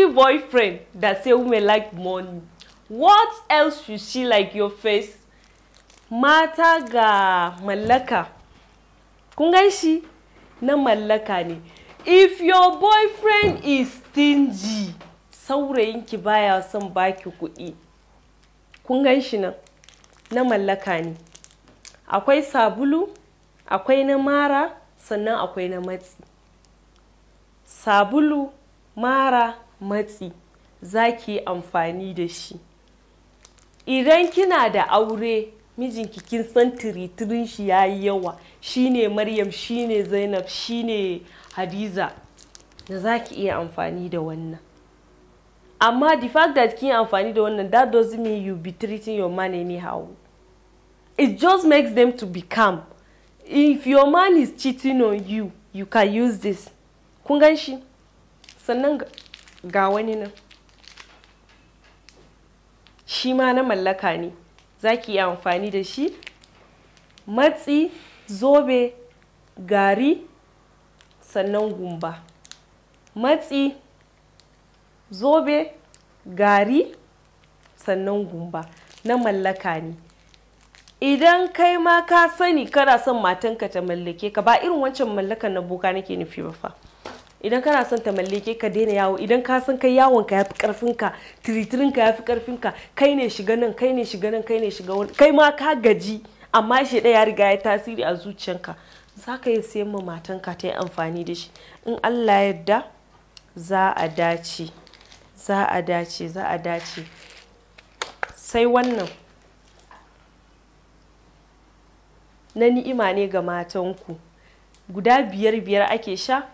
pretty boyfriend that say women like money what else you see like your face mata ga mallaka kun gan shi na mallaka ne if your boyfriend is stingy saurayinki baya son baki kuɗi kun shi nan na mallaka ne akwai sabulu akwai na mara sannan akwai na matsi sabulu mara matsi za ki yi amfani da shi idan kina da aure mijinki kin san tiritirin shi ya yi yawa shine maryam shine zainab shine hadiza da za ki iya amfani da wannan amma the fact that kin amfani da wannan that doesn't mean you be treating your man anyhow it just makes them to be calm if your man is cheating on you you can use this kun shi sannan ga wani nan shi ma na mallaka ne za ki yi amfani da shi matsi zobe gari sannan gumba matsi zobe gari sannan gumba na mallaka ne idan kai ma ka sani kana son matanka ta mallake ka ba irin wancan mallakan na boka nake nufi ba fa idan kana son ta mallake ka daina yawo idan ka san kai yawon ka yafi karfin ka tiritirin ka yafi karfin ka kai ne shiga nan kai ne shiga nan kai ne shiga wani kai ma ka gaji amma shi ya riga ya tasiri a zuciyanka za ka yi siyan ma matanka ta yi amfani da shi in allah yadda za a dace za a dace za a dace sai wannan na ni'ima ne ga matanku guda biyar biyar ake sha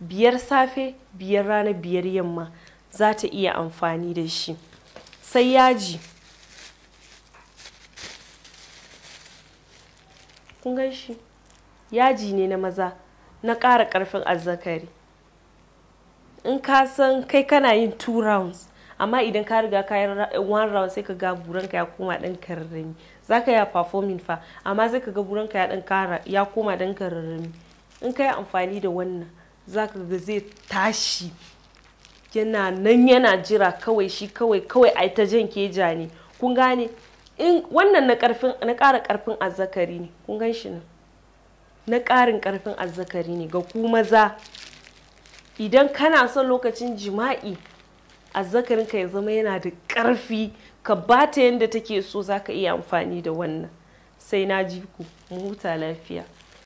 biyar safe biyar rana biyar yamma za ta iya amfani da shi sai yaji kun gan shi yaji ne na maza na ƙara ƙarfin azzakari in ka san kai kana yin two rounds amma idan ka riga ka yi one round sai ka ga buranka ya koma ɗan kararrami za ka yi performing fa amma sai ka ga buranka ya koma ɗan kararrami in ka yi amfani da wannan Zaka ga zai tashi yana nan yana jira kawai shi kawai kawai a ta jan keja ne kun gane in wannan na karfin na ƙara karfin azzakari ne kun gan shi nan na ƙarin karfin azzakari ne ga ku maza idan kana son lokacin jima'i azzakarinka ya zama yana da ƙarfi ka bata yadda take so za ka iya amfani da wannan sai na ji ku mu huta lafiya